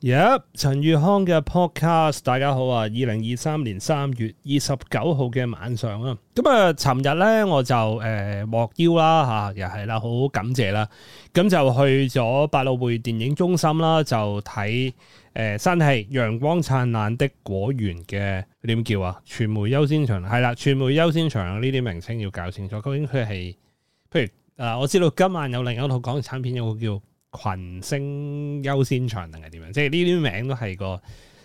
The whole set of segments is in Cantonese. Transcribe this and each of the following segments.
若陳、yep, 宇康嘅 podcast，大家好啊！二零二三年三月二十九號嘅晚上、嗯呃、啊，咁啊，尋日咧我就誒獲邀啦吓，又係啦，好感謝啦，咁就去咗百老匯電影中心啦，就睇誒真係陽光燦爛的果園嘅點叫啊？傳媒優先場係啦，傳媒優先場呢啲名稱要搞清楚，究竟佢係譬如誒，我知道今晚有另一套港產片，有個叫。群星優先場定係點樣？即係呢啲名都係個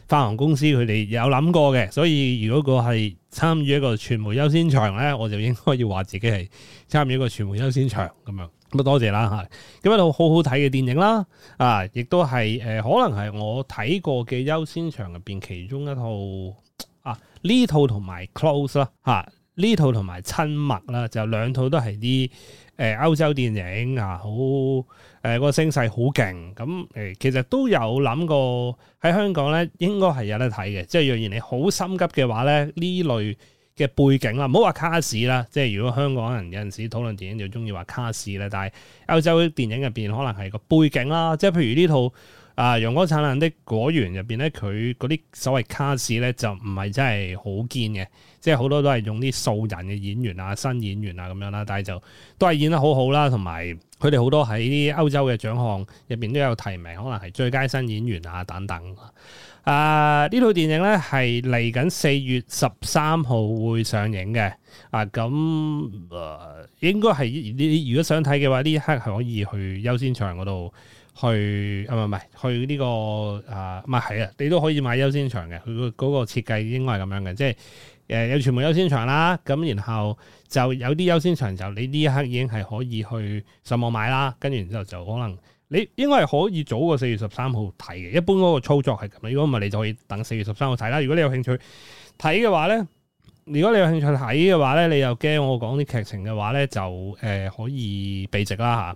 發行公司佢哋有諗過嘅，所以如果個係參與一個傳媒優先場咧，我就應該要話自己係參與一個傳媒優先場咁樣。咁多謝啦嚇。咁一套好好睇嘅電影啦，啊，亦都係誒、呃，可能係我睇過嘅優先場入邊其中一套啊，呢套同埋 Close 啦嚇，呢、啊、套同埋親密啦，就兩套都係啲。誒、呃、歐洲電影啊，好誒、呃、個聲勢好勁咁誒，其實都有諗過喺香港咧，應該係有得睇嘅。即係若然你好心急嘅話咧，呢類嘅背景啦，唔好話卡士啦。即係如果香港人有陣時討論電影就鍾意話卡士咧，但係歐洲嘅電影入邊可能係個背景啦。即係譬如呢套。啊！陽光燦爛的果園入邊咧，佢嗰啲所謂卡士咧就唔係真係好堅嘅，即係好多都係用啲素人嘅演員啊、新演員啊咁樣啦，但係就都係演得好好、啊、啦，同埋佢哋好多喺啲歐洲嘅獎項入邊都有提名，可能係最佳新演員啊等等。啊！呢套電影咧係嚟緊四月十三號會上映嘅。啊咁、呃，應該係你如果想睇嘅話，呢一刻係可以去優先場嗰度。去啊，唔係唔係，去呢個，啊，唔係係啊，這個、啊你都可以買優先場嘅，佢、那個嗰個設計應該係咁樣嘅，即係誒、呃、有全部優先場啦，咁然後就有啲優先場就你呢一刻已經係可以去上網買啦，跟住然之後就，就可能你應該係可以早過四月十三號睇嘅，一般嗰個操作係咁，如果唔係你就可以等四月十三號睇啦。如果你有興趣睇嘅話咧，如果你有興趣睇嘅話咧，你又驚我講啲劇情嘅話咧，就誒、呃、可以避席啦吓。啊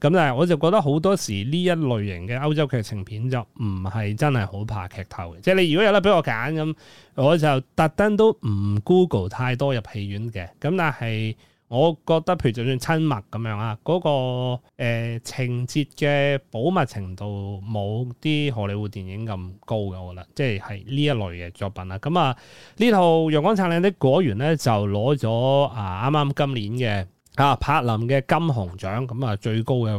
咁但係我就覺得好多時呢一類型嘅歐洲劇情片就唔係真係好怕劇透嘅，即係你如果有得俾我揀咁，我就特登都唔 Google 太多入戲院嘅。咁但係我覺得，譬如就算親密咁樣啊，嗰個、呃、情節嘅保密程度冇啲荷里活電影咁高嘅，我覺得即係係呢一類嘅作品啦。咁、嗯、啊，呢套陽光燦爛的果園咧就攞咗啊啱啱今年嘅。啊！柏林嘅金熊獎咁啊，最高嘅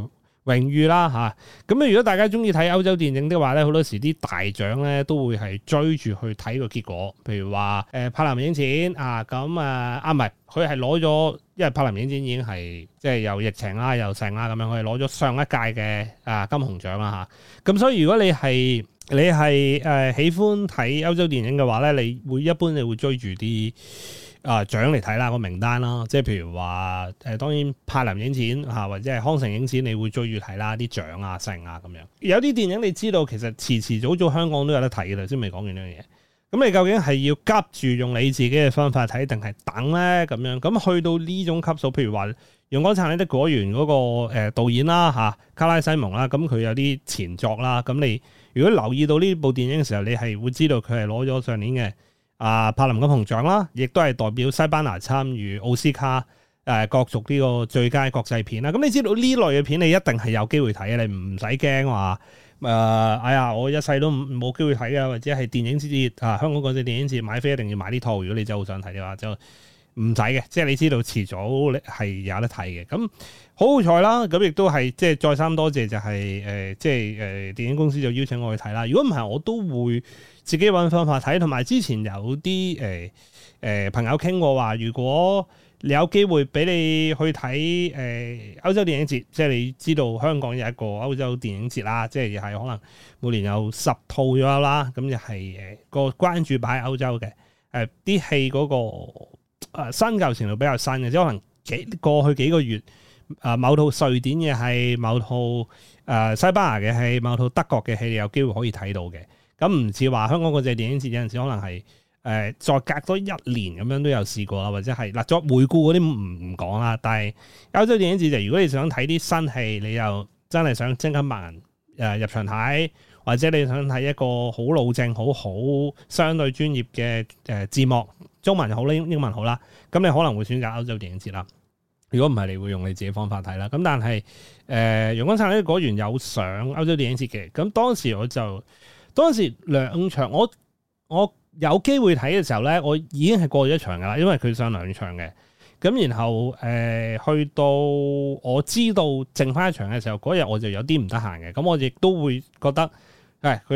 榮譽啦嚇。咁、啊、如果大家中意睇歐洲電影的話咧，好多時啲大獎咧都會係追住去睇個結果。譬如話，誒、呃、柏林影展啊，咁啊啊唔係，佢係攞咗，因為柏林影展已經係即係又疫情啊、又成啊咁樣，佢係攞咗上一屆嘅啊金熊獎啦嚇。咁、啊、所以如果你係你係誒、呃、喜歡睇歐洲電影嘅話咧，你會一般你會追住啲。啊、呃、獎嚟睇啦，個名單啦，即係譬如話誒、呃，當然柏林影展嚇、啊、或者係康城影展，你會追住睇啦啲獎啊成啊咁樣。有啲電影你知道其實遲遲早早香港都有得睇嘅啦，頭先未講完呢樣嘢。咁你究竟係要急住用你自己嘅方法睇定係等咧咁樣？咁、嗯、去到呢種級數，譬如話陽光燦爛的果園嗰個誒導演啦嚇、啊，卡拉西蒙啦，咁、啊、佢、嗯、有啲前作啦。咁、啊嗯、你如果留意到呢部電影嘅時候，你係會知道佢係攞咗上年嘅。啊！柏林金熊獎啦，亦都係代表西班牙參與奧斯卡誒，角逐呢個最佳國際片啦。咁、嗯、你知道呢類嘅片，你一定係有機會睇，你唔使驚話誒，哎呀，我一世都冇機會睇啊，或者係電影節啊，香港國際電影節買飛一定要買呢套，如果你真係好想睇嘅話，就唔使嘅。即係你知道遲早你係有得睇嘅。咁好好彩啦，咁亦都係即係再三多謝、就係，就係誒，即係誒、呃，電影公司就邀請我去睇啦。如果唔係，我都會。自己揾方法睇，同埋之前有啲誒誒朋友傾過話，如果你有機會俾你去睇誒、呃、歐洲電影節，即係你知道香港有一個歐洲電影節啦，即係又可能每年有十套咗啦，咁就係誒個關注擺喺歐洲嘅誒啲戲嗰、那個、呃、新舊程度比較新嘅，即可能幾過去幾個月啊、呃、某套瑞典嘅係某套啊、呃、西班牙嘅戲某套德國嘅戲你有機會可以睇到嘅。咁唔似話香港嗰隻電影節有陣時可能係誒、呃、再隔多一年咁樣都有試過啦，或者係嗱作回顧嗰啲唔講啦。但係歐洲電影節就如果你想睇啲新戲，你又真係想真金白銀誒入場睇，或者你想睇一個好老正好好相對專業嘅誒字幕中文好咧英文好啦，咁你可能會選擇歐洲電影節啦。如果唔係，你會用你自己方法睇啦。咁但係誒陽光燦爛果園有上歐洲電影節嘅，咁當時我就。嗰陣時兩場我，我我有機會睇嘅時候咧，我已經係過咗一場㗎喇，因為佢上兩場嘅。咁然後誒、呃、去到我知道剩返一場嘅時候，嗰日我就有啲唔得閒嘅。咁我亦都會覺得誒佢、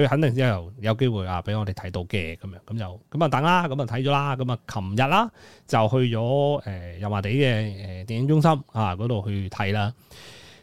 哎、肯定之後有機會啊，俾我哋睇到嘅咁樣。咁就咁啊等啦，咁啊睇咗啦，咁啊琴日啦就去咗誒油麻地嘅誒、呃、電影中心啊嗰度去睇啦。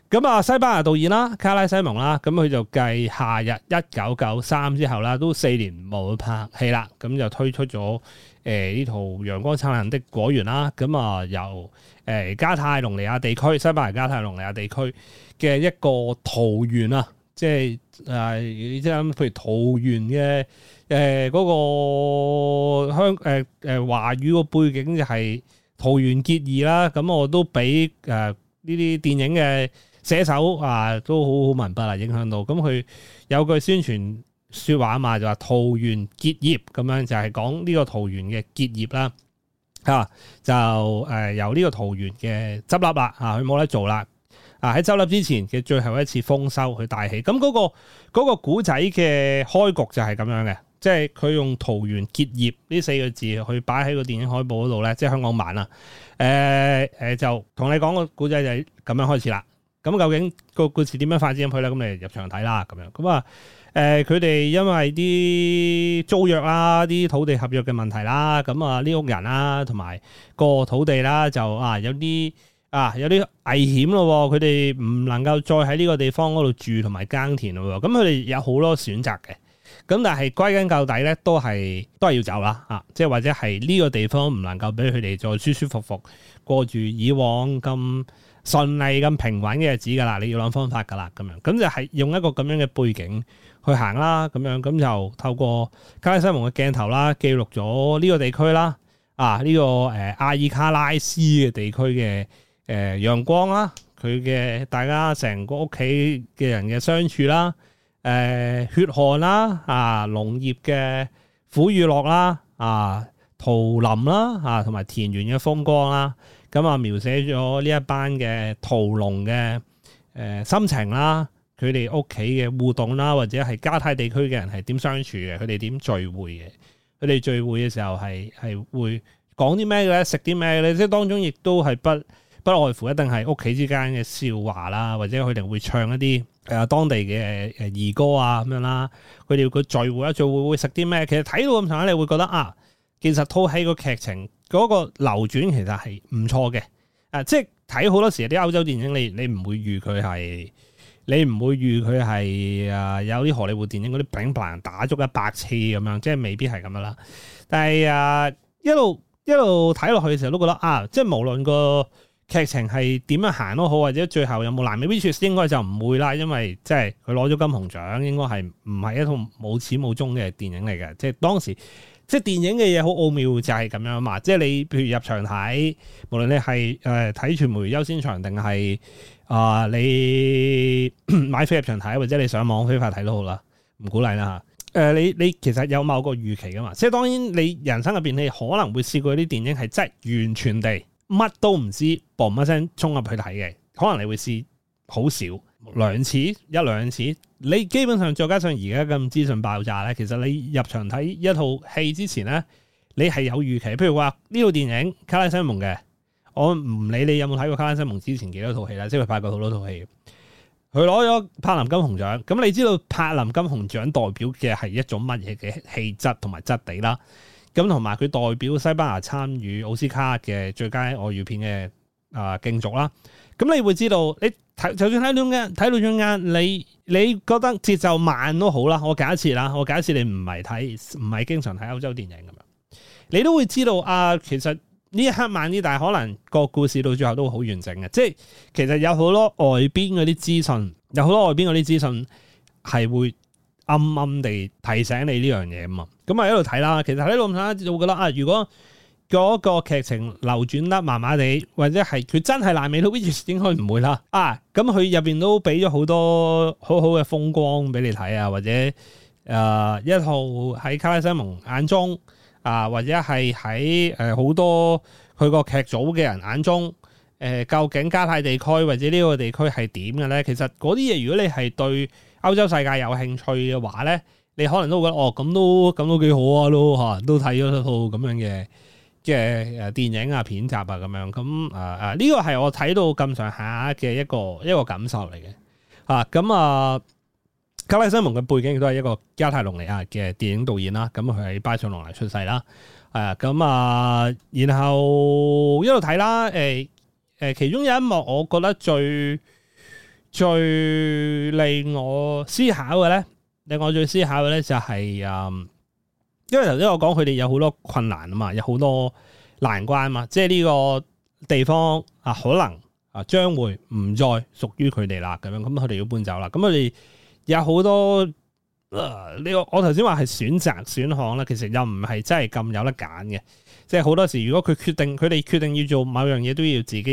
咁啊，西班牙導演啦，卡拉西蒙啦，咁佢就繼夏日一九九三之後啦，都四年冇拍戲啦，咁就推出咗誒呢套《陽光燦爛的果園》啦。咁啊，由誒加泰隆尼亞地區，西班牙加泰隆尼亞地區嘅一個桃園啊，即係誒，即係譬如桃園嘅誒嗰個香誒誒華語個背景就係桃園結義啦。咁我都俾誒呢啲電影嘅。寫手啊，都好好文筆啊，影響到咁。佢有句宣傳説話嘛，就話桃園結業咁樣，就係講呢個桃園嘅結業啦嚇、啊，就誒由呢個桃園嘅執笠啦嚇，佢、啊、冇得做啦啊！喺執笠之前嘅最後一次豐收，佢大起咁嗰、那個古仔嘅開局就係咁樣嘅，即係佢用桃園結業呢四個字去擺喺個電影海報嗰度咧，即、就、係、是、香港版啦。誒、啊、誒，就同你講個古仔就咁樣開始啦。咁究竟個故事點樣發展入去咧？咁你入場睇啦，咁樣咁啊，誒、呃，佢哋因為啲租約啦、啲土地合約嘅問題啦，咁啊，呢屋人啦同埋個土地啦，就啊有啲啊有啲危險咯，佢哋唔能夠再喺呢個地方嗰度住同埋耕田咯，咁佢哋有好多選擇嘅，咁但係歸根究底咧，都係都係要走啦，啊，即係或者係呢個地方唔能夠俾佢哋再舒舒服服過住以往咁。順利咁平穩嘅日子㗎啦，你要諗方法㗎啦，咁樣咁就係用一個咁樣嘅背景去行啦，咁樣咁就透過卡拉西蒙嘅鏡頭啦，記錄咗呢個地區啦，啊呢、這個誒、呃、阿爾卡拉斯嘅地區嘅誒、呃、陽光啦，佢嘅大家成個屋企嘅人嘅相處啦，誒、呃、血汗啦，啊農業嘅苦與樂啦，啊桃林啦，啊同埋田園嘅風光啦。咁啊、嗯，描寫咗呢一班嘅屠龍嘅誒心情啦，佢哋屋企嘅互動啦，或者係加泰地區嘅人係點相處嘅，佢哋點聚會嘅，佢哋聚會嘅時候係係會講啲咩嘅咧，食啲咩咧，即係當中亦都係不不外乎一定係屋企之間嘅笑話啦，或者佢哋會唱一啲誒、呃、當地嘅誒兒歌啊咁樣啦。佢哋個聚會啊，聚會聚會會食啲咩？其實睇到咁上下，你會覺得啊，其實《屠龍》個劇情。嗰個流轉其實係唔錯嘅，啊，即係睇好多時啲歐洲電影，你你唔會預佢係，你唔會預佢係啊，有啲荷里活電影嗰啲品牌人打足一百次咁樣，即係未必係咁樣啦。但係啊，一路一路睇落去嘅時候，都覺得啊，即係無論個劇情係點樣行都好，或者最後有冇爛尾必出，應該就唔會啦。因為即係佢攞咗金熊獎，應該係唔係一套冇始冇終嘅電影嚟嘅。即係當時，即係電影嘅嘢好奧妙，就係咁樣嘛。即係你譬如入場睇，無論你係誒睇傳媒優先場，定係啊你 買飛入場睇，或者你上網非法睇都好啦。唔鼓勵啦吓。誒、呃，你你其實有某個預期噶嘛？即係當然你人生入邊，你可能會試過啲電影係真完全地。乜都唔知，嘣一聲衝入去睇嘅，可能你會試好少兩次，一兩次。你基本上再加上而家咁資訊爆炸咧，其實你入場睇一套戲之前咧，你係有預期。譬如話呢套電影《卡拉西蒙》嘅，我唔理你有冇睇過《卡拉西蒙》之前幾多套戲啦，即係佢拍過好多套戲，佢攞咗柏林金熊獎。咁你知道柏林金熊獎代表嘅係一種乜嘢嘅氣質同埋質地啦？咁同埋佢代表西班牙參與奧斯卡嘅最佳外語片嘅啊競逐啦。咁你會知道，你睇就算睇兩眼，睇兩眼，你你覺得節奏慢都好啦。我假設啦，我假設你唔係睇，唔係經常睇歐洲電影咁樣，你都會知道啊。其實呢一刻慢啲，但係可能個故事到最後都好完整嘅。即係其實有好多外邊嗰啲資訊，有好多外邊嗰啲資訊係會，暗暗地提醒你呢樣嘢啊嘛，咁啊一路睇啦。其實一路睇，就會覺得啊，如果嗰個劇情流轉得麻麻地，或者係佢真係爛尾，都應該唔會啦。啊，咁佢入邊都俾咗好多好好嘅風光俾你睇啊，或者誒、呃、一套喺卡拉西蒙眼中啊，或者係喺誒好多佢個劇組嘅人眼中，誒、呃、究竟加泰地區或者呢個地區係點嘅咧？其實嗰啲嘢，如果你係對，歐洲世界有興趣嘅話咧，你可能都會覺得哦，咁都咁都幾好啊，都吓都睇咗套咁樣嘅即係誒電影啊、片集啊咁樣。咁啊啊呢個係我睇到咁上下嘅一個一個感受嚟嘅。啊咁、嗯、啊，卡拉西蒙嘅背景亦都係一個加泰隆尼亞嘅電影導演啦。咁佢喺巴塞隆尼出世啦。誒、啊、咁、嗯、啊，然後一路睇啦。誒、呃、誒、呃，其中有一幕我覺得最最令我思考嘅咧，令我最思考嘅咧就係，誒，因為頭先我講佢哋有好多困難啊嘛，有好多難關啊嘛，即係呢個地方啊可能啊將會唔再屬於佢哋啦，咁樣咁佢哋要搬走啦，咁佢哋有好多呢個，誒，我頭先話係選擇選項啦，其實又唔係真係咁有得揀嘅，即係好多時如果佢決定，佢哋決定要做某樣嘢，都要自己去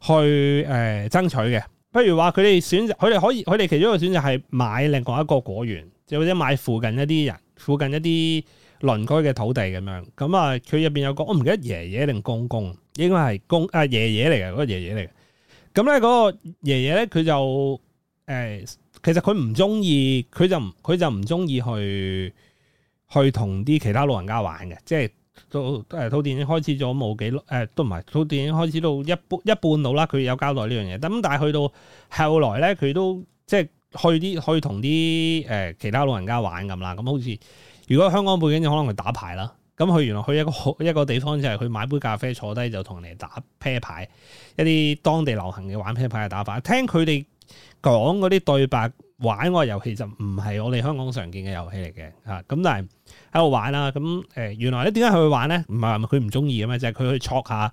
誒爭取嘅。譬如話佢哋選擇，佢哋可以，佢哋其中一個選擇係買另外一個果園，又或者買附近一啲人附近一啲鄰居嘅土地咁樣。咁啊，佢入邊有個我唔記得爺爺定公公，應該係公啊爺爺嚟嘅，嗰個爺爺嚟嘅。咁咧嗰個爺爺咧，佢就誒、呃，其實佢唔中意，佢就唔佢就唔中意去去同啲其他老人家玩嘅，即係。套誒套電影開始咗冇幾耐、呃，都唔係套電影開始到一,一半一半到啦。佢有交代呢樣嘢，咁但係去到後來咧，佢都即係去啲去同啲誒其他老人家玩咁啦。咁、嗯、好似如果香港背景就可能係打牌啦。咁佢原來去一個好一個地方就係、是、去買杯咖啡坐低就同人哋打啤牌，一啲當地流行嘅玩啤牌嘅打法。聽佢哋講嗰啲對白。玩個遊戲就唔係我哋香港常見嘅遊戲嚟嘅嚇，咁、啊、但係喺度玩啦、啊。咁、嗯、誒原來你點解去玩咧？唔係佢唔中意嘅咩？就係佢去 check 下誒、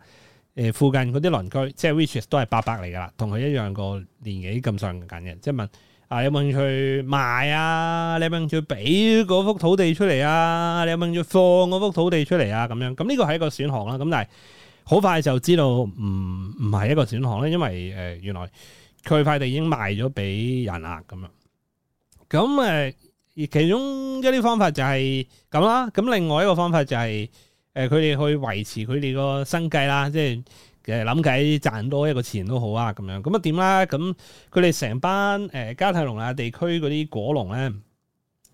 呃、附近嗰啲鄰居，即係 which 都係八伯嚟噶啦，同佢一樣個年紀咁上緊嘅，即係問啊有冇興趣賣啊？你有冇興趣俾嗰幅土地出嚟啊？你有冇興趣放嗰幅土地出嚟啊？咁樣咁呢個係一個選項啦。咁但係好快就知道唔唔係一個選項咧，因為誒、呃、原來。佢塊地已經賣咗俾人啦，咁樣咁誒，其中一啲方法就係咁啦，咁另外一個方法就係誒佢哋去維持佢哋個生計啦，即係誒諗計賺多一個錢都好、呃、啊，咁樣咁啊點啦？咁佢哋成班誒加泰隆啊地區嗰啲果農咧，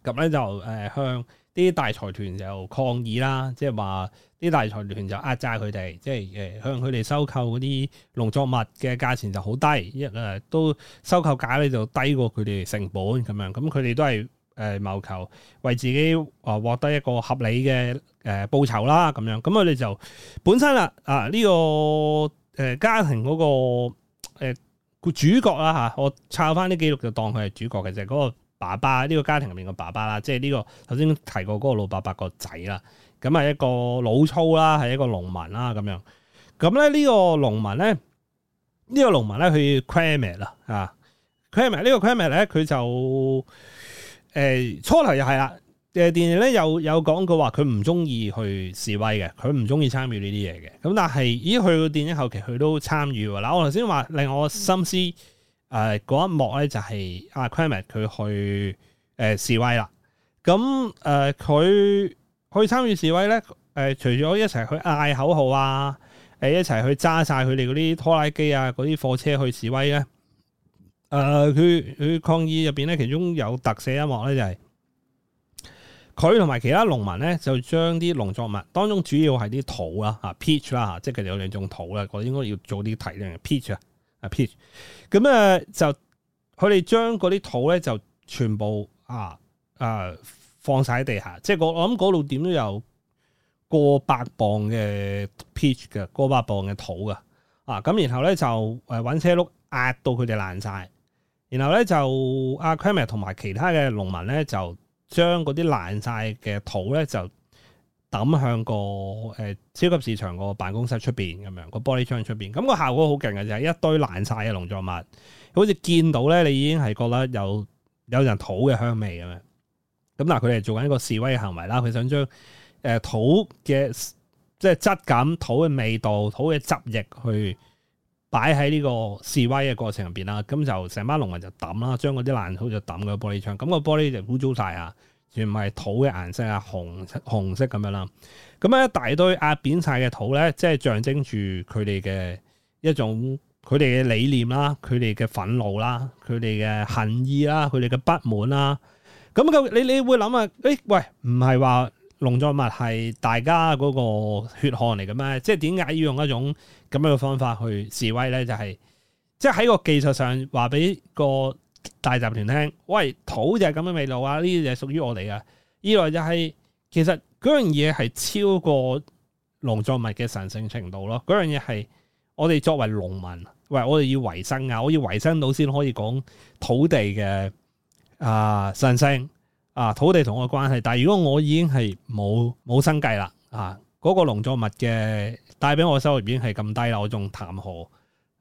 咁咧就誒、呃、向。啲大財團就抗議啦，即係話啲大財團就壓榨佢哋，即係誒向佢哋收購嗰啲農作物嘅價錢就好低，一誒都收購價咧就低過佢哋成本咁樣，咁佢哋都係誒謀求為自己誒獲得一個合理嘅誒報酬啦咁樣，咁我哋就本身啦啊呢、個誒、呃、家庭嗰、個誒、呃、主角啦嚇、啊，我抄翻啲記錄就當佢係主角嘅啫嗰個。爸爸呢、這個家庭入面個爸爸啦，即係呢、這個頭先提過嗰個老伯伯個仔啦，咁啊一個老粗啦，係一個農民啦咁樣。咁咧、這個、呢、這個農民咧，呢個農民咧去 c r e r m e t 啦啊 c r e r m e t 呢個 c r e r m e t 咧佢就誒、呃、初頭又係啦，誒電影咧有又講過話佢唔中意去示威嘅，佢唔中意參與呢啲嘢嘅。咁但係咦佢電影後期佢都參與嗱，我頭先話令我心思。誒嗰、呃、一幕咧就係、是、阿 Kramer 佢去誒示威啦，咁誒佢去參與示威咧，誒、呃、除咗一齊去嗌口號啊，誒、呃、一齊去揸晒佢哋嗰啲拖拉機啊、嗰啲貨車去示威咧，誒佢佢抗議入邊咧，其中有特寫一幕咧就係佢同埋其他農民咧就將啲農作物，當中主要係啲土啦、嚇、啊、peach 啦、啊，即係佢哋有兩種土啦，我應該要早啲提一提 peach 啊。啊 pitch，咁啊就佢哋將嗰啲土咧就全部啊啊放晒喺地下，即係我我諗嗰度點都有過百磅嘅 pitch 嘅，過百磅嘅土噶，啊咁然後咧就誒揾車碌壓到佢哋爛晒，然後咧就阿、啊啊、Kramer 同埋其他嘅農民咧就將嗰啲爛晒嘅土咧就。抌向個誒超級市場個辦公室出邊咁樣個玻璃窗出邊，咁個效果好勁嘅啫，一堆爛晒嘅農作物，好似見到咧，你已經係覺得有有人土嘅香味咁樣。咁嗱，佢哋做緊一個示威嘅行為啦，佢想將誒土嘅即係質感、土嘅味道、土嘅汁液去擺喺呢個示威嘅過程入邊啦。咁就成班農人就抌啦，將嗰啲爛土就抌個玻璃窗，咁個玻璃就污糟晒啊！全唔係土嘅顏色啊，紅紅色咁樣啦。咁樣一大堆壓扁晒嘅土咧，即係象徵住佢哋嘅一種佢哋嘅理念啦，佢哋嘅憤怒啦，佢哋嘅恨意啦，佢哋嘅不滿啦。咁嘅你你會諗啊？誒、欸、喂，唔係話農作物係大家嗰個血汗嚟嘅咩？即係點解要用一種咁樣嘅方法去示威咧？就係、是、即係喺個技術上話俾個大集團聽，喂，土就係咁嘅味道啊！呢啲就係屬於我哋噶。二來就係、是，其實嗰樣嘢係超過農作物嘅神聖程度咯。嗰樣嘢係我哋作為農民，喂，我哋要維生啊，我要維生到先可以講土地嘅啊神聖，啊，啊土地同我嘅關係。但係如果我已經係冇冇生計啦，啊，嗰、那個農作物嘅帶俾我收入已經係咁低啦，我仲談何？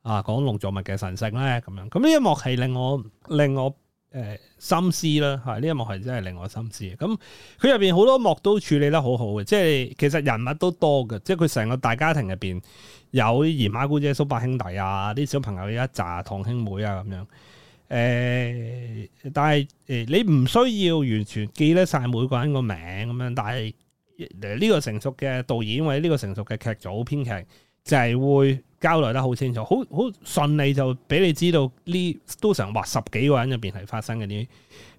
啊，講農作物嘅神聖咧，咁樣咁呢一幕係令我令我誒、呃、深思啦，係呢一幕係真係令我深思。咁佢入邊好多幕都處理得好好嘅，即係其實人物都多嘅，即係佢成個大家庭入邊有姨媽姑姐、叔伯兄弟啊，啲小朋友有一紮堂兄妹啊咁樣。誒、呃，但係誒、呃、你唔需要完全記得晒每個人個名咁樣，但係呢、呃呢個成熟嘅導演或者呢個成熟嘅劇組編劇就係、是、會。交代得好清楚，好好順利就俾你知道呢，都成話十幾個人入邊係發生嗰啲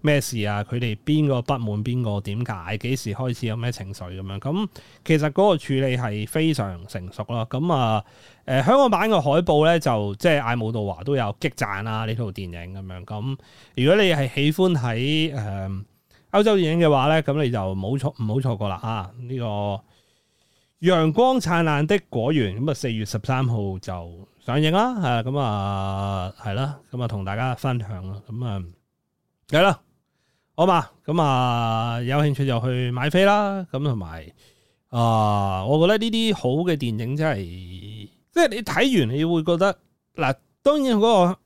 咩事啊？佢哋邊個不滿邊個？點解？幾時開始有咩情緒咁樣？咁其實嗰個處理係非常成熟啦。咁啊，誒、呃、香港版嘅海報咧，就即係艾慕杜華都有激讚啦呢套電影咁樣。咁如果你係喜歡喺誒、呃、歐洲電影嘅話咧，咁你就唔好錯唔好錯過啦啊呢、呢個。陽光燦爛的果園咁啊，四月十三號就上映，啊啊，啦，誒咁啊係啦，咁啊同大家分享啦，咁啊係啦，好，嗯，嘛，咁，嗯嗯，啊有興趣就去買飛啦，咁同埋啊，我覺得呢啲好嘅電影真，就，係，是，即係你睇完你會覺得嗱，啊，當然嗰，那個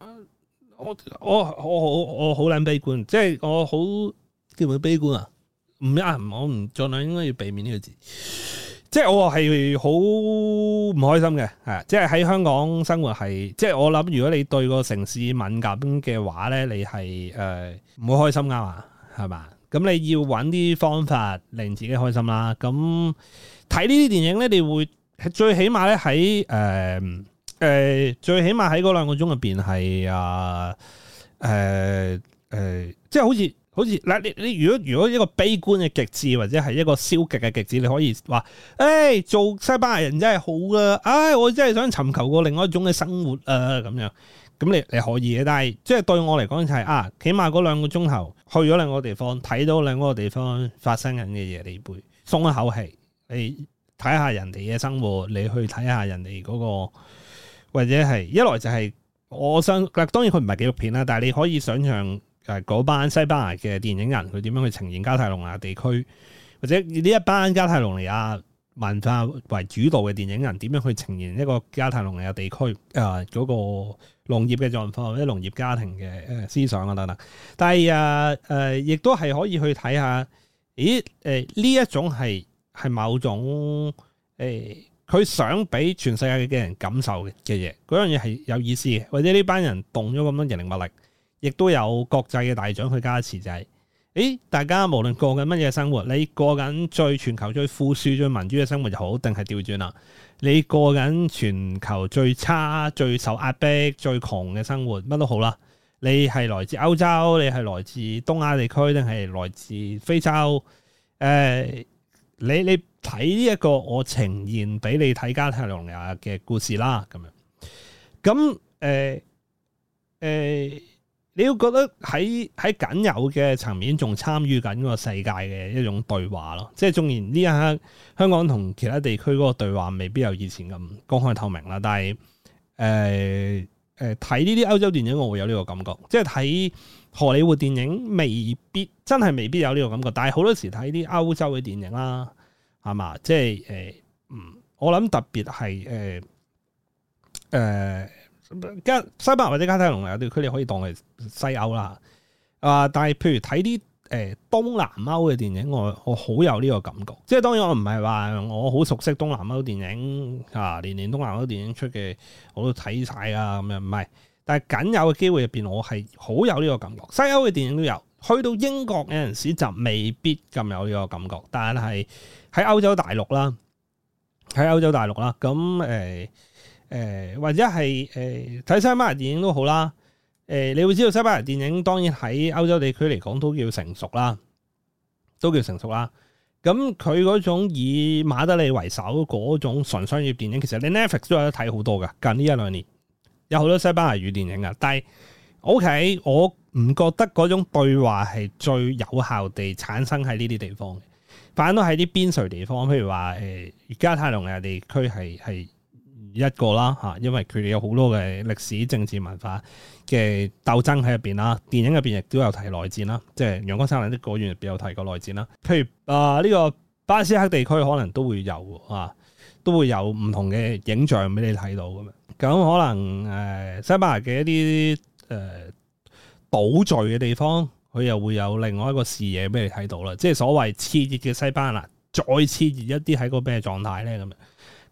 我我我我我好捻悲觀，即係我好叫唔叫悲觀啊？唔呀，我唔盡量應該要避免呢個字。即係我係好唔開心嘅，係即係喺香港生活係，即係我諗如果你對個城市敏感嘅話咧，你係誒唔會開心噶嘛，係嘛？咁你要揾啲方法令自己開心啦。咁睇呢啲電影咧，你會最起碼咧喺誒誒，最起碼喺嗰兩個鐘入邊係啊誒誒，即係好似。好似嗱，你你如果你如果你一個悲觀嘅極致或者係一個消極嘅極致，你可以話，誒、欸，做西班牙人真係好啦，啊，唉、哎，我真係想尋求過另外一種嘅生活啊，咁樣，咁你你可以嘅，但係即係對我嚟講就係、是、啊，起碼嗰兩個鐘頭去咗兩個地方，睇到兩個地方發生緊嘅嘢，你會鬆一口氣，你睇下人哋嘅生活，你去睇下人哋嗰、那個或者係一來就係、是、我想，嗱，當然佢唔係紀錄片啦，但係你可以想象。係嗰班西班牙嘅電影人，佢點樣去呈現加泰隆尼亞地區？或者呢一班加泰隆尼亞文化為主導嘅電影人，點樣去呈現一個加泰隆尼亞地區啊嗰、呃那個農業嘅狀況，或者農業家庭嘅誒思想啊等等，等等？但係誒誒，亦都係可以去睇下，咦誒呢、呃、一種係係某種誒，佢、呃、想俾全世界嘅人感受嘅嘢，嗰樣嘢係有意思嘅，或者呢班人動咗咁多人力物力。亦都有國際嘅大獎去加持，就係，誒！大家無論過緊乜嘢生活，你過緊最全球最富庶最民主嘅生活就好，定係調轉啦！你過緊全球最差、最受壓迫、最窮嘅生活，乜都好啦！你係來自歐洲，你係來自東亞地區，定係來自非洲？誒、呃，你你睇呢一個我呈現俾你睇加泰隆亞嘅故事啦，咁樣咁誒誒。你要覺得喺喺僅有嘅層面仲參與緊個世界嘅一種對話咯，即係縱然呢一刻香港同其他地區嗰個對話未必有以前咁公開透明啦，但係誒誒睇呢啲歐洲電影我會有呢個感覺，即係睇荷里活電影未必真係未必有呢個感覺，但係好多時睇啲歐洲嘅電影啦，係嘛？即係誒嗯，我諗特別係誒誒。呃呃加西班牙或者加泰隆有啲區，你可以當係西歐啦。啊、呃，但係譬如睇啲誒東南歐嘅電影，我我好有呢個感覺。即係當然我唔係話我好熟悉東南歐電影啊，年年東南歐電影出嘅我都睇晒啊咁樣。唔係，但係僅有嘅機會入邊，我係好有呢個感覺。西歐嘅電影都有，去到英國有陣時就未必咁有呢個感覺。但係喺歐洲大陸啦，喺歐洲大陸啦，咁、嗯、誒。呃誒、呃、或者係誒睇西班牙電影都好啦，誒、呃、你會知道西班牙電影當然喺歐洲地區嚟講都叫成熟啦，都叫成熟啦。咁佢嗰種以馬德里為首嗰種純商業電影，其實你 Netflix 都有得睇好多㗎。近呢一兩年有好多西班牙語電影啊，但係 OK，我唔覺得嗰種對話係最有效地產生喺呢啲地方，反都喺啲邊陲地方，譬如話加泰隆尼亞地區係係。一個啦嚇，因為佢哋有好多嘅歷史、政治、文化嘅鬥爭喺入邊啦。電影入邊亦都有提內戰啦，即係《陽光燦爛的果園》入邊有提過內戰啦。譬如啊，呢、呃這個巴斯克地區可能都會有啊，都會有唔同嘅影像俾你睇到咁樣。咁可能誒、呃、西班牙嘅一啲誒、呃、島嶼嘅地方，佢又會有另外一個視野俾你睇到啦。即係所謂熾熱嘅西班牙，再熾熱一啲喺個咩狀態咧咁樣？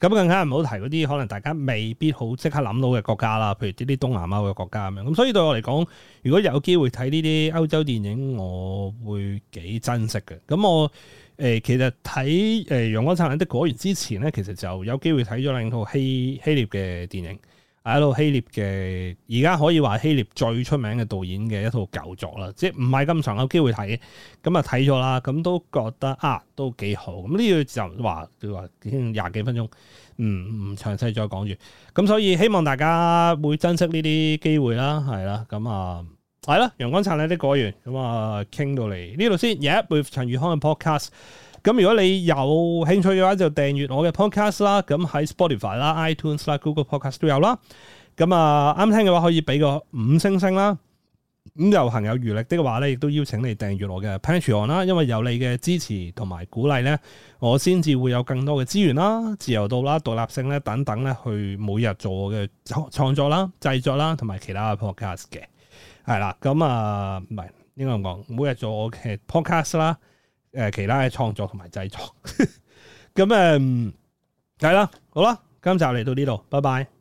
咁更加唔好提嗰啲可能大家未必好即刻諗到嘅國家啦，譬如啲啲東南亞嘅國家咁樣。咁所以對我嚟講，如果有機會睇呢啲歐洲電影，我會幾珍惜嘅。咁我誒、呃、其實睇誒《陽光燦爛的果園》之前咧，其實就有機會睇咗兩套希希臘嘅電影。係一套希臘嘅，而家可以話希臘最出名嘅導演嘅一套舊作啦，即係唔係咁常有機會睇，咁啊睇咗啦，咁都覺得啊都幾好，咁呢個就話佢話已經廿幾分鐘，唔、嗯、唔詳細再講住，咁所以希望大家會珍惜呢啲機會啦，係啦，咁啊係啦，陽、嗯、光燦爛的果園，咁啊傾到嚟呢度先，Yeah，with 陳宇康嘅 Podcast。咁如果你有興趣嘅話，就訂閱我嘅 podcast 啦。咁喺 Spotify 啦、iTunes 啦、Google Podcast 都有啦。咁啊，啱聽嘅話可以俾個五星星啦。咁又行有餘力的話咧，亦都邀請你訂閱我嘅 Patreon 啦。因為有你嘅支持同埋鼓勵咧，我先至會有更多嘅資源啦、自由度啦、獨立性咧等等咧，去每日做我嘅創作啦、製作啦，同埋其他嘅 podcast 嘅。係啦，咁啊唔係，應該咁講，每日做我嘅 podcast 啦。誒、呃、其他嘅創作同埋製作，咁誒係啦，好啦，今集就嚟到呢度，拜拜。